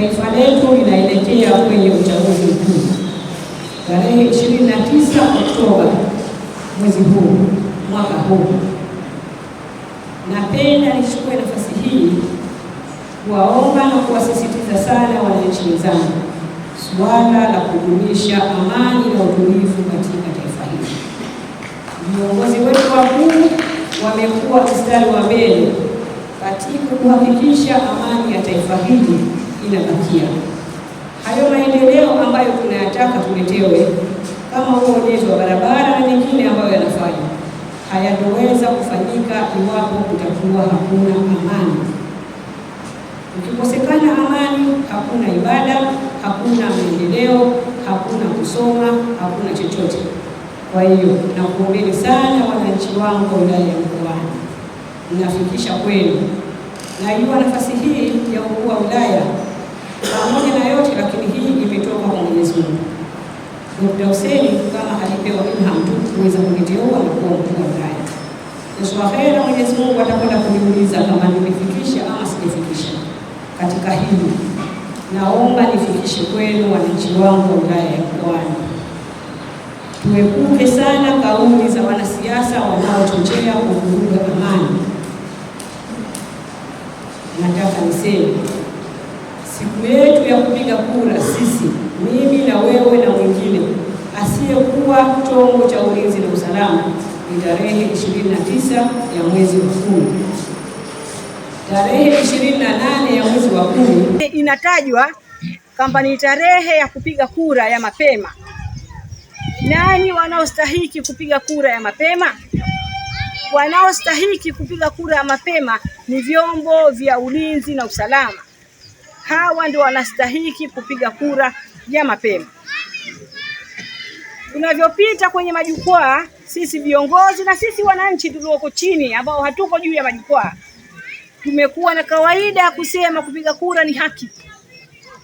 taifa letu linaelekea kwenye uchaguzi mkuu tarehe 29 Oktoba mwezi huu mwaka huu. Napenda nichukue nafasi hii kuwaomba na kuwasisitiza sana wananchi wenzangu suala la kudumisha amani na utulivu katika taifa hili. Viongozi wetu wakuu wamekuwa mstari wa mbele katika kuhakikisha amani ya taifa hili bila lakia. Hayo maendeleo ambayo tunayataka tuletewe, kama huo ujenzi wa barabara na mengine ambayo yanafanya, hayatoweza kufanyika iwapo kutakuwa hakuna amani. Ukikosekana amani, hakuna ibada, hakuna maendeleo, hakuna kusoma, hakuna chochote. Kwa hiyo nakuombeni sana wananchi wangu wa wilaya ya Mkoani, nafikisha kwenu. Najua nafasi hii ya ukuu wa wilaya pamoja na yote lakini hii imetoka kwa Mwenyezi Mungu. Dr. Hussein kama alipewa ilham tu kuweza kuliteua alikuwa mkuu wa wilaya. Kesho akhera na Mwenyezi Mungu atakwenda kuniuliza kama nimefikisha ama sijafikisha katika hili. Naomba nifikishe kwenu wananchi wangu wa wilaya ya Mkoani. Tuepuke sana kauli za wanasiasa wanaochochea kuvuruga amani. Nataka niseme siku yetu ya kupiga kura, sisi, mimi na wewe na mwingine asiyekuwa chombo cha ulinzi na usalama ni tarehe 29 ya mwezi wa kumi, tarehe 28 ya mwezi wa kumi inatajwa kwamba ni tarehe ya kupiga kura ya mapema. Nani wanaostahiki kupiga kura ya mapema? Wanaostahiki kupiga kura ya mapema ni vyombo vya ulinzi na usalama. Hawa ndio wanastahiki kupiga kura ya mapema. Tunavyopita kwenye majukwaa, sisi viongozi na sisi wananchi tulioko chini, ambao hatuko juu ya majukwaa, tumekuwa na kawaida ya kusema kupiga kura ni haki.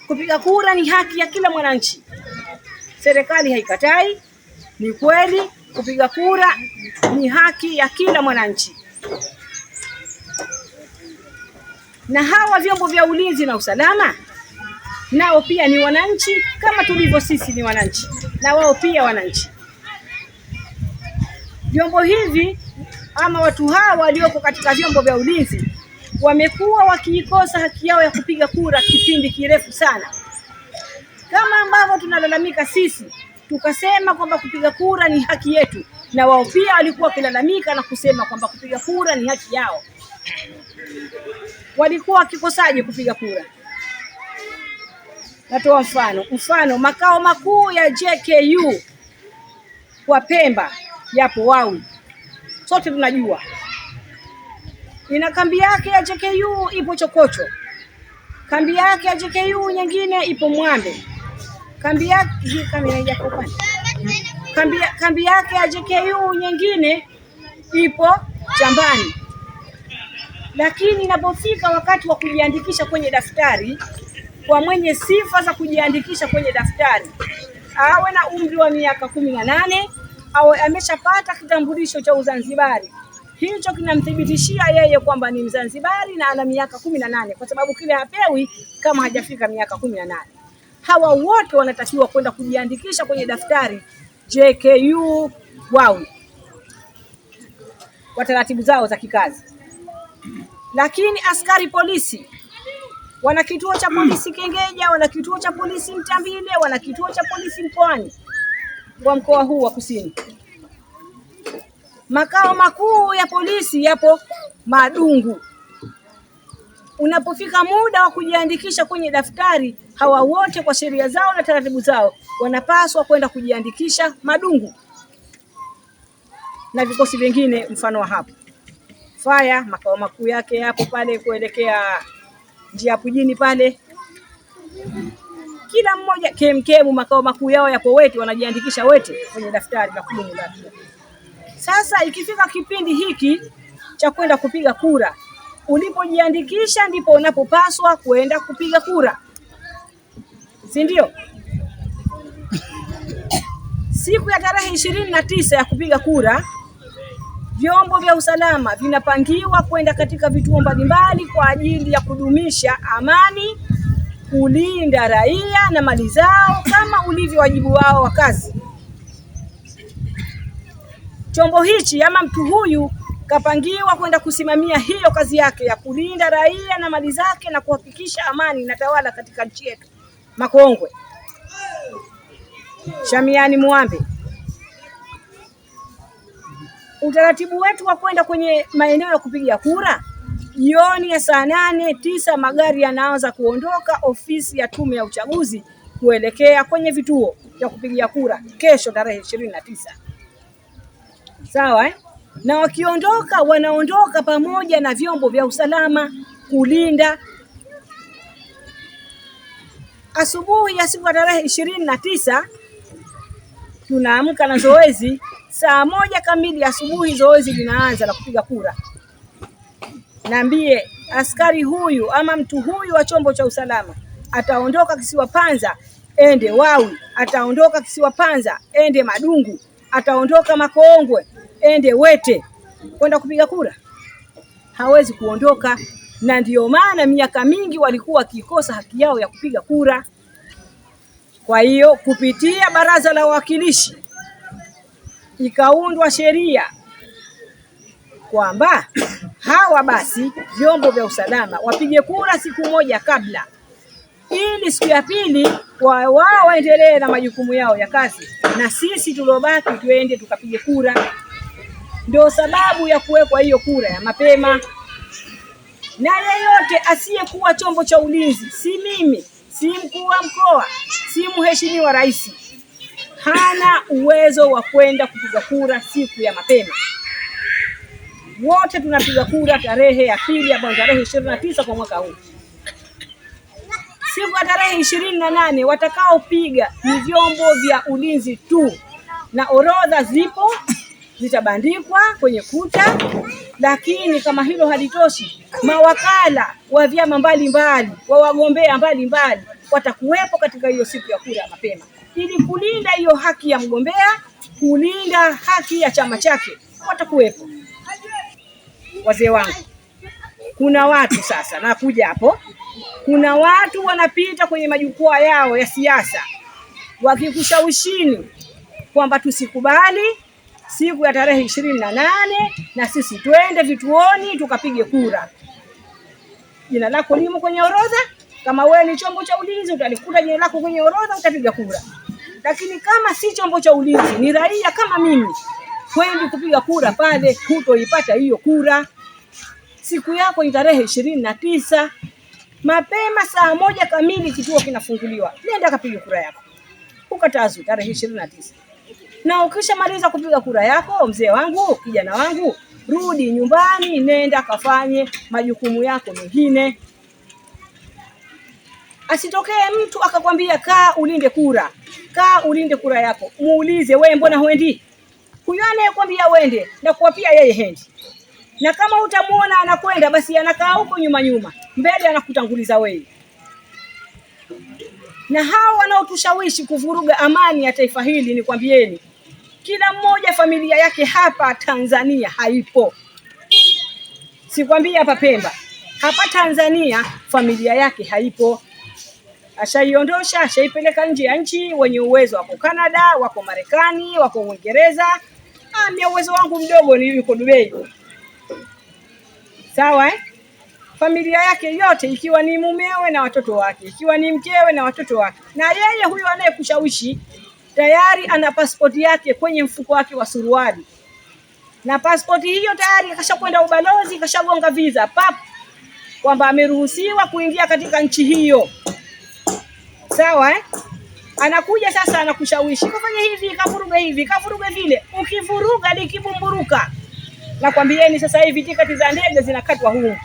Kupiga kura ni haki ya kila mwananchi, serikali haikatai. Ni kweli kupiga kura ni haki ya kila mwananchi. na hawa vyombo vya ulinzi na usalama nao pia ni wananchi kama tulivyo sisi ni wananchi, na wao pia wananchi. Vyombo hivi ama watu hawa walioko katika vyombo vya ulinzi wamekuwa wakiikosa haki yao ya kupiga kura kipindi kirefu sana, kama ambavyo tunalalamika sisi tukasema kwamba kupiga kura ni haki yetu, na wao pia walikuwa wakilalamika na kusema kwamba kupiga kura ni haki yao walikuwa wakikosaje kupiga kura? Natoa mfano, mfano makao makuu ya JKU kwa Pemba yapo Wawi, sote tunajua ina kambi yake ya JKU ipo Chokocho, kambi yake ya JKU nyingine ipo Mwambe, kambi yake kambi yake ya JKU nyingine ipo Chambani lakini inapofika wakati wa kujiandikisha kwenye daftari, kwa mwenye sifa za kujiandikisha kwenye daftari awe na umri wa miaka kumi na nane awe ameshapata kitambulisho cha Uzanzibari. Hicho kinamthibitishia yeye kwamba ni Mzanzibari na ana miaka kumi na nane kwa sababu kile hapewi kama hajafika miaka kumi na nane. Hawa wote wanatakiwa kwenda kujiandikisha kwenye daftari JKU wawi kwa taratibu zao za kikazi. Lakini askari polisi wana kituo cha polisi Kengeja, wana kituo cha polisi Mtambile, wana kituo cha polisi Mkoani kwa mkoa huu wa Kusini. Makao makuu ya polisi yapo Madungu. Unapofika muda wa kujiandikisha kwenye daftari, hawa wote kwa sheria zao na taratibu zao wanapaswa kwenda kujiandikisha Madungu na vikosi vingine mfano wa hapo. Faya, makao makuu yake yapo pale kuelekea njia Pujini pale. Kila mmoja kemkemu, makao makuu yao yapo Wete, wanajiandikisha Wete kwenye daftari la kudumu la sasa. Ikifika kipindi hiki cha kwenda kupiga kura, ulipojiandikisha ndipo unapopaswa kwenda kupiga kura, si ndio? Siku ya tarehe ishirini na tisa ya kupiga kura vyombo vya usalama vinapangiwa kwenda katika vituo mbalimbali kwa ajili ya kudumisha amani, kulinda raia na mali zao kama ulivyo wajibu wao wa kazi. Chombo hichi ama mtu huyu kapangiwa kwenda kusimamia hiyo kazi yake ya kulinda raia na mali zake na kuhakikisha amani na tawala katika nchi yetu. Makongwe Shamiani mwambe utaratibu wetu wa kwenda kwenye maeneo ya kupiga kura jioni ya saa nane tisa, magari yanaanza kuondoka ofisi ya Tume ya Uchaguzi kuelekea kwenye vituo vya kupigia kura kesho tarehe ishirini na tisa. Sawa eh? Na wakiondoka wanaondoka pamoja na vyombo vya usalama kulinda. Asubuhi ya siku ya tarehe ishirini na tisa tunaamka na zoezi saa moja kamili asubuhi zoezi linaanza la kupiga kura. Naambie askari huyu ama mtu huyu wa chombo cha usalama ataondoka kisiwa Panza ende Wawi, ataondoka kisiwa Panza ende Madungu, ataondoka Makongwe ende Wete kwenda kupiga kura, hawezi kuondoka. Na ndiyo maana miaka mingi walikuwa wakikosa haki yao ya kupiga kura. Kwa hiyo kupitia baraza la wawakilishi ikaundwa sheria kwamba hawa basi vyombo vya usalama wapige kura siku moja kabla, ili siku ya pili wao waendelee na majukumu yao ya kazi, na sisi tuliobaki tuende tukapige kura. Ndio sababu ya kuwekwa hiyo kura ya mapema. Na yeyote asiyekuwa chombo cha ulinzi, si mimi, si mkuu wa mkoa, si mheshimiwa rais hana uwezo wa kwenda kupiga kura siku ya mapema. Wote tunapiga kura tarehe ya pili, ambayo tarehe ishirini na tisa kwa mwaka huu. Siku ya tarehe ishirini na nane watakaopiga ni vyombo vya ulinzi tu, na orodha zipo zitabandikwa kwenye kuta. Lakini kama hilo halitoshi, mawakala wa vyama mbalimbali wa wagombea mbalimbali watakuwepo katika hiyo siku ya kura ya mapema ili kulinda hiyo haki ya mgombea, kulinda haki ya chama chake. Watakuwepo wazee wangu, kuna watu sasa, nakuja hapo, kuna watu wanapita kwenye majukwaa yao ya siasa wakikushawishini kwamba tusikubali siku ya tarehe ishirini na nane na sisi twende vituoni tukapige kura. Jina lako limo kwenye orodha. Kama wewe ni chombo cha ulinzi, utalikuta jina lako kwenye orodha, utapiga kura lakini kama si chombo cha ulinzi, ni raia kama mimi, kwenda kupiga kura pale, hutoipata hiyo kura. Siku yako ni tarehe ishirini na tisa mapema saa moja kamili, kituo kinafunguliwa, nenda kapiga kura yako ukatazwi tarehe ishirini na tisa na ukishamaliza kupiga kura yako, mzee wangu, kijana wangu, rudi nyumbani, nenda kafanye majukumu yako mengine. Asitokee mtu akakwambia kaa ulinde kura, kaa ulinde kura yako. Muulize wewe, mbona huendi? Huyo anayekwambia uende na kuwapia yeye hendi, na kama utamuona anakwenda basi anakaa huko nyuma nyuma, mbele anakutanguliza wewe. Na hao wanaotushawishi kuvuruga amani ya taifa hili, nikwambieni, kila mmoja familia yake hapa Tanzania haipo. Sikwambia hapa Pemba, hapa Tanzania familia yake haipo ashaiondosha, ashaipeleka nje ya nchi. Wenye uwezo wako Canada, wako Marekani, wako Uingereza. Mimi uwezo wangu mdogo ni yuko Dubai, sawa eh? familia yake yote ikiwa ni mumewe na watoto wake, ikiwa ni mkewe na watoto wake, na yeye huyo anayekushawishi tayari ana pasipoti yake kwenye mfuko wake wa suruali, na pasipoti hiyo tayari kashakwenda ubalozi, kashagonga visa pap, kwamba ameruhusiwa kuingia katika nchi hiyo sawa eh? Anakuja sasa anakushawishi kafanya hivi kavuruga hivi kavuruga vile, ukivuruga likibumburuka. Nakwambieni sasa hivi tiketi za ndege zinakatwa huko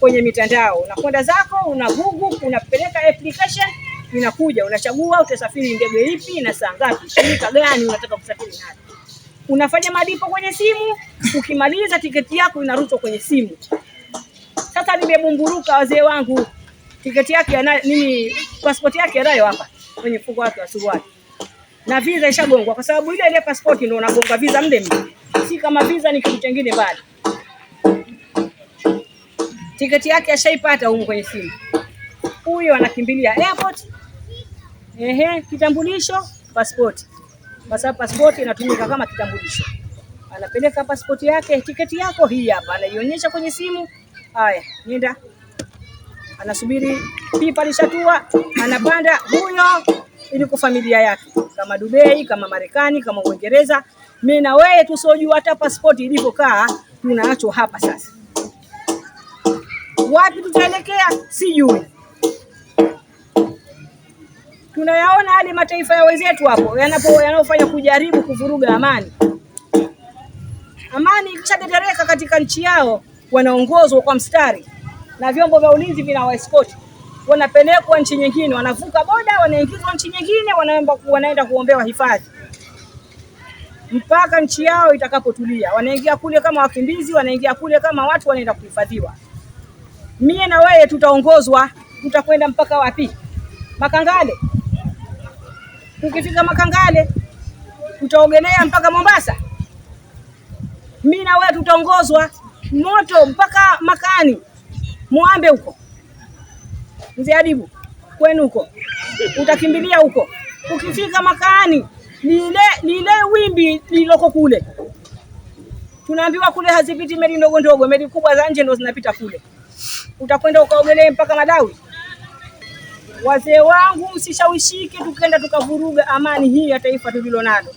kwenye mitandao, unakwenda zako una Google, unapeleka application inakuja, unachagua utasafiri ndege ipi na saa ngapi, shirika gani unataka kusafiri nayo, unafanya malipo kwenye simu. Ukimaliza tiketi yako inarutwa kwenye simu. Sasa nimebumburuka wazee wangu tiketi yake anayo nini, pasipoti yake anayo hapa kwenye mfuko wake wa suruali, na visa ishagongwa, kwa sababu ile ile pasipoti ndio unagonga visa mle mle, si kama visa ni kitu kingine bali. Tiketi yake ashaipata huko kwenye simu, huyo anakimbilia airport. Ehe, kitambulisho, pasipoti, kwa sababu pasipoti inatumika kama kitambulisho. Anapeleka pasipoti yake, tiketi yako hii hapa, anaionyesha kwenye simu. Haya, nenda anasubiri pipa lishatua, anapanda huyo, ili kwa familia yake, kama Dubai, kama Marekani, kama Uingereza. Mimi na wewe tusiojua hata pasipoti ilivyokaa, tunacho hapa sasa. Wapi tutaelekea sijui. Tunayaona hadi mataifa ya wenzetu hapo yanapo yanayofanya kujaribu kuvuruga amani. Amani ikishatetereka katika nchi yao, wanaongozwa kwa mstari na vyombo vya ulinzi vina vinawaeskoti, wanapelekwa nchi nyingine, wanavuka boda, wanaingizwa nchi nyingine, wanaenda kuombewa hifadhi mpaka nchi yao itakapotulia. Wanaingia kule kama wakimbizi, wanaingia kule kama watu wanaenda kuhifadhiwa. Mie na wewe tutaongozwa, tutakwenda mpaka wapi? Makangale. Tukifika Makangale tutaogelea mpaka Mombasa. Mimi na wewe tutaongozwa moto mpaka Makani. Mwambe huko mzee Adibu kwenu huko, utakimbilia huko. Ukifika makaani, lile lile wimbi liloko kule, tunaambiwa kule hazipiti meli ndogo ndogo, meli kubwa za nje ndo zinapita kule. Utakwenda ukaogelee mpaka madawi. Wazee wangu, usishawishike tukenda tukavuruga amani hii ya taifa tulilonalo.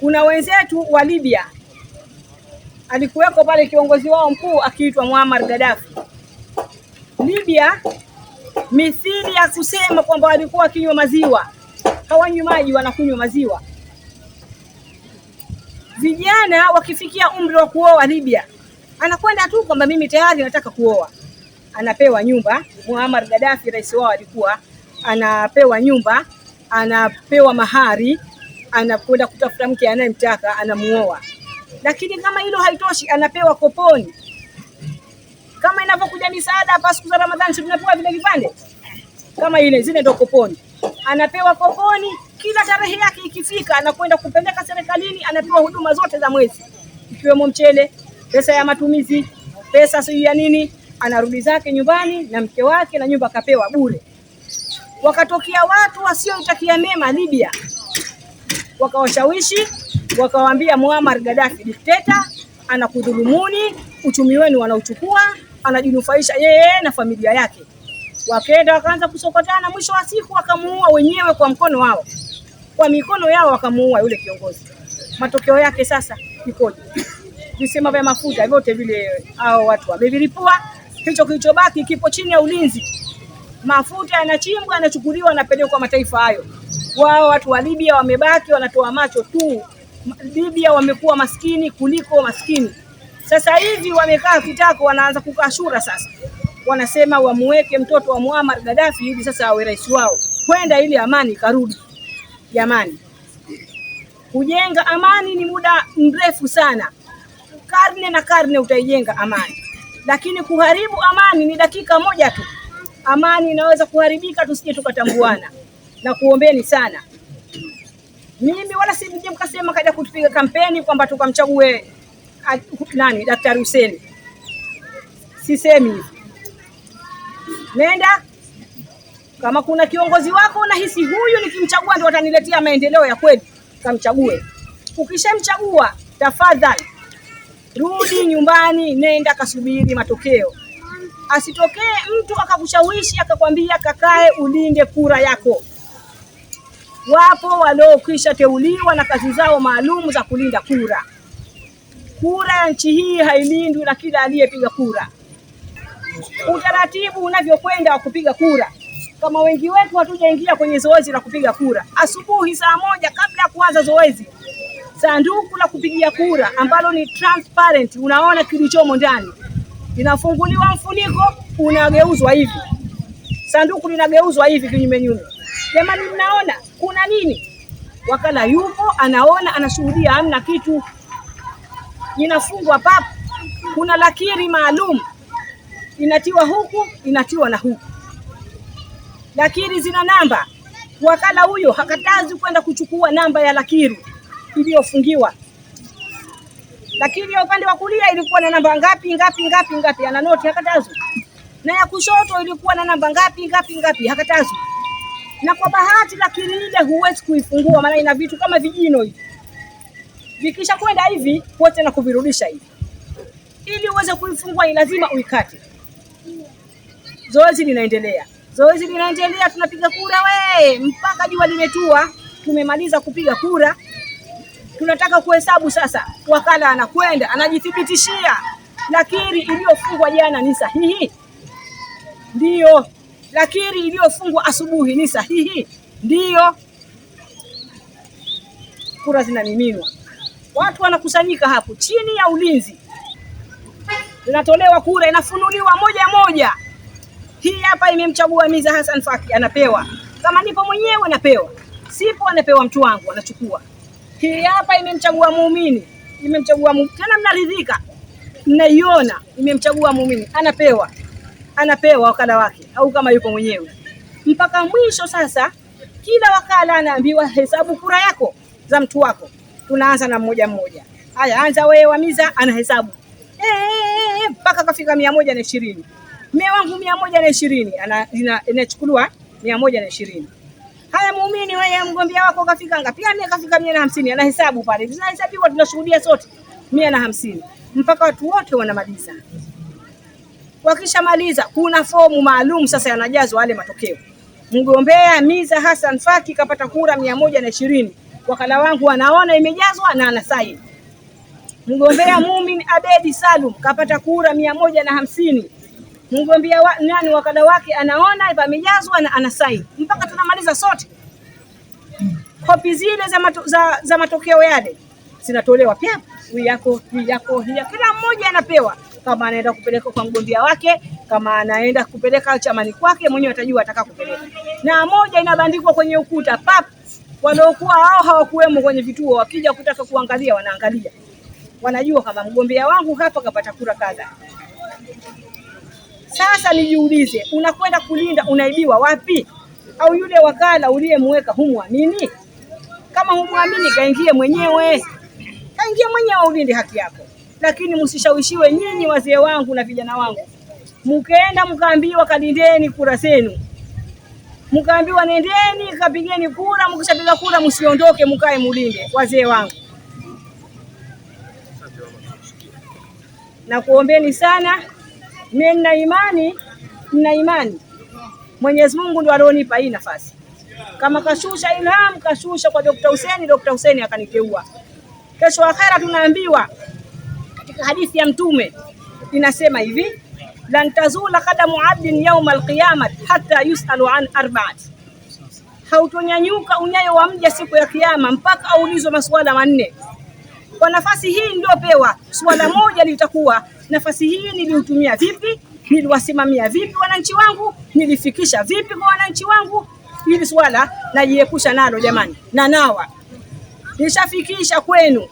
Kuna wenzetu wa Libya alikuweko pale kiongozi wao mkuu akiitwa Muammar Gaddafi. Libya mithili ya kusema kwamba walikuwa wakinywa maziwa, hawanywi maji, wanakunywa maziwa. Vijana wakifikia umri wa kuoa Libya, anakwenda tu kwamba mimi tayari nataka kuoa, anapewa nyumba. Muammar Gaddafi, rais wao, alikuwa anapewa nyumba, anapewa mahari, anakwenda kutafuta mke anayemtaka, anamuoa. Lakini kama hilo haitoshi, anapewa koponi kama inavyokuja misaada hapa siku za Ramadhani, si tunapewa vile vipande kama ile zile, ndo koponi. Anapewa koponi kila tarehe yake ikifika, anakwenda kupeleka serikalini, anapewa huduma zote za mwezi, ikiwemo mchele, pesa ya matumizi, pesa sijui ya nini. Anarudi zake nyumbani na mke wake na nyumba akapewa bure. Wakatokea watu wasiotakia mema Libya, wakawashawishi wakawambia Muammar Gaddafi dikteta, anakudhulumuni, uchumi wenu wanauchukua, anajinufaisha yeye na familia yake. Wakaenda wakaanza kusokotana, mwisho wa siku wakamuua wenyewe kwa mkono wao, kwa mikono yao wakamuua yule kiongozi. Matokeo yake sasa ikoje? Visima vya mafuta vyote vile hao watu wamevilipua, hicho kilichobaki kipo chini ya ulinzi. Mafuta yanachimbwa, yanachukuliwa, yanapelekwa mataifa hayo. Wao watu wa Libya wamebaki wanatoa macho tu. Libya wamekuwa maskini kuliko maskini. Sasa hivi wamekaa kitako, wanaanza kukashura sasa, wanasema wamuweke mtoto wa Muammar Gaddafi hivi sasa awe rais wao, kwenda ili amani karudi. Jamani, kujenga amani ni muda mrefu sana, karne na karne utaijenga amani, lakini kuharibu amani ni dakika moja tu. Amani inaweza kuharibika, tusije tukatambuana, na kuombeni sana mimi wala si mje mkasema kaja kutupiga kampeni kwamba tukamchague nani Daktari Huseni, sisemi nenda. Kama kuna kiongozi wako unahisi huyu nikimchagua ndio wataniletea maendeleo ya kweli, kamchague. Ukishamchagua tafadhali rudi nyumbani, nenda kasubiri matokeo. Asitokee mtu akakushawishi akakwambia kakae ulinde kura yako wapo waliokwisha teuliwa na kazi zao maalum za kulinda kura. Kura ya nchi hii hailindwi na kila aliyepiga kura. Utaratibu unavyokwenda wa kupiga kura, kama wengi wetu hatujaingia kwenye zoezi la kupiga kura, asubuhi saa moja kabla ya kuanza zoezi, sanduku la kupigia kura ambalo ni transparent, unaona kilichomo ndani, linafunguliwa mfuniko, unageuzwa hivi, sanduku linageuzwa hivi kinyume nyume Jamani, mnaona na nini. Wakala yupo anaona, anashuhudia, hamna kitu, inafungwa papo. Kuna lakiri maalum inatiwa huku, inatiwa na huku, lakiri zina namba. Wakala huyo hakatazi kwenda kuchukua namba ya lakiri iliyofungiwa. Lakiri ya upande wa kulia ilikuwa na namba ngapi ngapi ngapi ngapi, ana noti, hakatazi. Na ya kushoto ilikuwa na namba ngapi ngapi ngapi, hakatazi na kwa bahati lakini ile huwezi kuifungua, maana ina vitu kama vijino hivi, vikisha kwenda hivi wote na kuvirudisha hivi. Ili uweze kuifungua ni lazima uikate. Zoezi linaendelea, zoezi linaendelea, tunapiga kura we mpaka jua limetua. Tumemaliza kupiga kura, tunataka kuhesabu sasa. Wakala anakwenda anajithibitishia lakini iliyofungwa jana ni sahihi, ndiyo lakini iliyofungwa asubuhi ni sahihi? Ndiyo, kura zinamiminwa, watu wanakusanyika hapo chini ya ulinzi, zinatolewa kura, inafunuliwa moja moja. Hii hapa imemchagua Miza Hassan Faki, anapewa. Kama nipo mwenyewe napewa, sipo anapewa mtu wangu, anachukua. Hii hapa imemchagua muumini, imemchagua tena, mnaridhika, mnaiona, imemchagua muumini, anapewa anapewa wakala wake au kama yuko mwenyewe mpaka mwisho. Sasa kila wakala anaambiwa hesabu kura yako za mtu wako. Tunaanza na mmoja mmoja. Haya, anza wewe Wamiza, anahesabu eh, eh, eh, mpaka kafika mia moja na ishirini. Mme wangu mia moja na ishirini inachukuliwa mia moja na ishirini. Haya, muumini wewe, mgombea wako kafika ngapi? Mimi kafika mia na hamsini, anahesabu pale, zinahesabiwa, tunashuhudia sote mia na hamsini mpaka watu wote wanamaliza. Wakishamaliza kuna fomu maalum sasa yanajazwa wale matokeo. Mgombea Miza Hassan Faki kapata kura mia moja na ishirini, wakala wangu anaona imejazwa na anasaini. Mgombea Mumin Abedi Salum kapata kura mia moja na hamsini. Mgombea wa, nani wakala wake anaona pamejazwa na anasaini, mpaka tunamaliza sote. Kopi zile za, mato, za, za matokeo yale zinatolewa pia, yako yako, kila mmoja anapewa kama anaenda kupeleka kwa mgombea wake, kama anaenda kupeleka chamani kwake mwenyewe atajua ataka kupeleka. Na moja inabandikwa kwenye ukuta pap, waliokuwa hao hawakuwemo kwenye vituo, wakija kutaka kuangalia, wanaangalia, wanajua kama mgombea wangu hapa kapata kura kadha. Sasa nijiulize, unakwenda kulinda, unaibiwa wapi? Au yule wakala uliyemweka humwamini? Kama humwamini, kaingie mwenyewe, kaingie mwenyewe, ulinde haki yako lakini msishawishiwe nyinyi, wazee wangu na vijana wangu. Mkaenda mkaambiwa kalindeni kura zenu, mkaambiwa nendeni kapigeni kura, mkishapiga kura msiondoke, mkae mulinde. Wazee wangu, nakuombeni sana. Mimi nina imani, nina imani Mwenyezi Mungu ndo alionipa hii nafasi. Kama kashusha Ilham, kashusha kwa Dr. Hussein, Dr. Hussein akaniteua. Kesho akhera tunaambiwa katika hadithi ya Mtume inasema hivi, lan tazula qadamu abdin yauma alqiyamati hatta yusalu an arbaat hautonyanyuka unyayo wa mja siku ya Kiyama mpaka aulizwe masuala manne. Kwa nafasi hii niliyopewa, suala moja litakuwa nafasi hii niliutumia vipi, niliwasimamia vipi wananchi wangu, nilifikisha vipi kwa wananchi wangu. Hili swala najiepusha nalo jamani, na nawa nishafikisha kwenu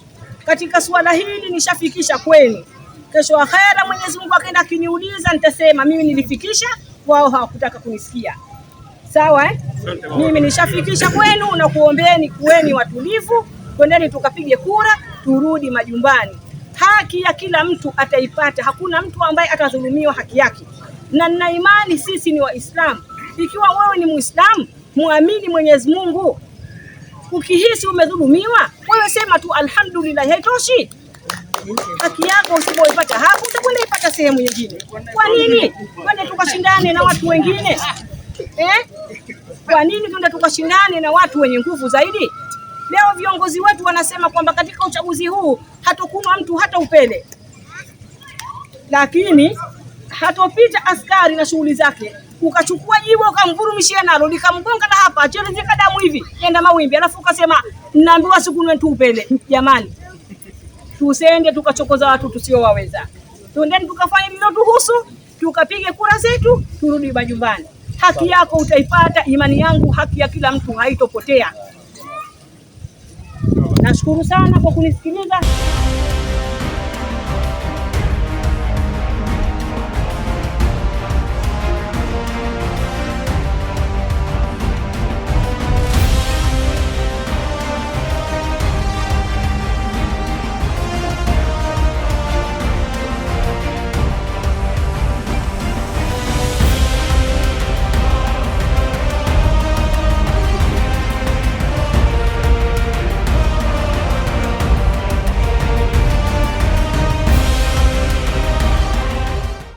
katika suala hili nishafikisha kwenu, kesho akhera Mwenyezi Mungu akaenda akiniuliza, nitasema mimi nilifikisha, wao hawakutaka kunisikia. Sawa eh? Mimi nishafikisha kwenu na kuombeeni, kuweni watulivu, kwendeni tukapige kura, turudi majumbani. Haki ya kila mtu ataipata, hakuna mtu ambaye atadhulumiwa haki yake, na nina imani sisi ni Waislamu. Ikiwa wewe ni Muislamu, muamini Mwenyezi Mungu Ukihisi umedhulumiwa, wewe sema tu alhamdulillah, haitoshi. Haki yako usipoipata hapo utakwenda ipata sehemu nyingine. Kwa nini kwenda tukashindane na watu wengine eh? Kwa nini tunda tukashindane na watu wenye nguvu zaidi? Leo viongozi wetu wanasema kwamba katika uchaguzi huu hatokunwa mtu hata upele, lakini hatopita askari na shughuli zake ukachukua jibu ukamvurumishia nalo likamgonga na hapa cherezeka damu hivi nenda mawimbi, alafu ukasema naambiwa sikunwe tupele. Jamani, tusende tukachokoza watu tusiowaweza. Tuendeni tukafanya tuhusu tukapige kura zetu, turudi majumbani. Haki yako utaipata, imani yangu haki ya kila mtu haitopotea. Nashukuru sana kwa kunisikiliza.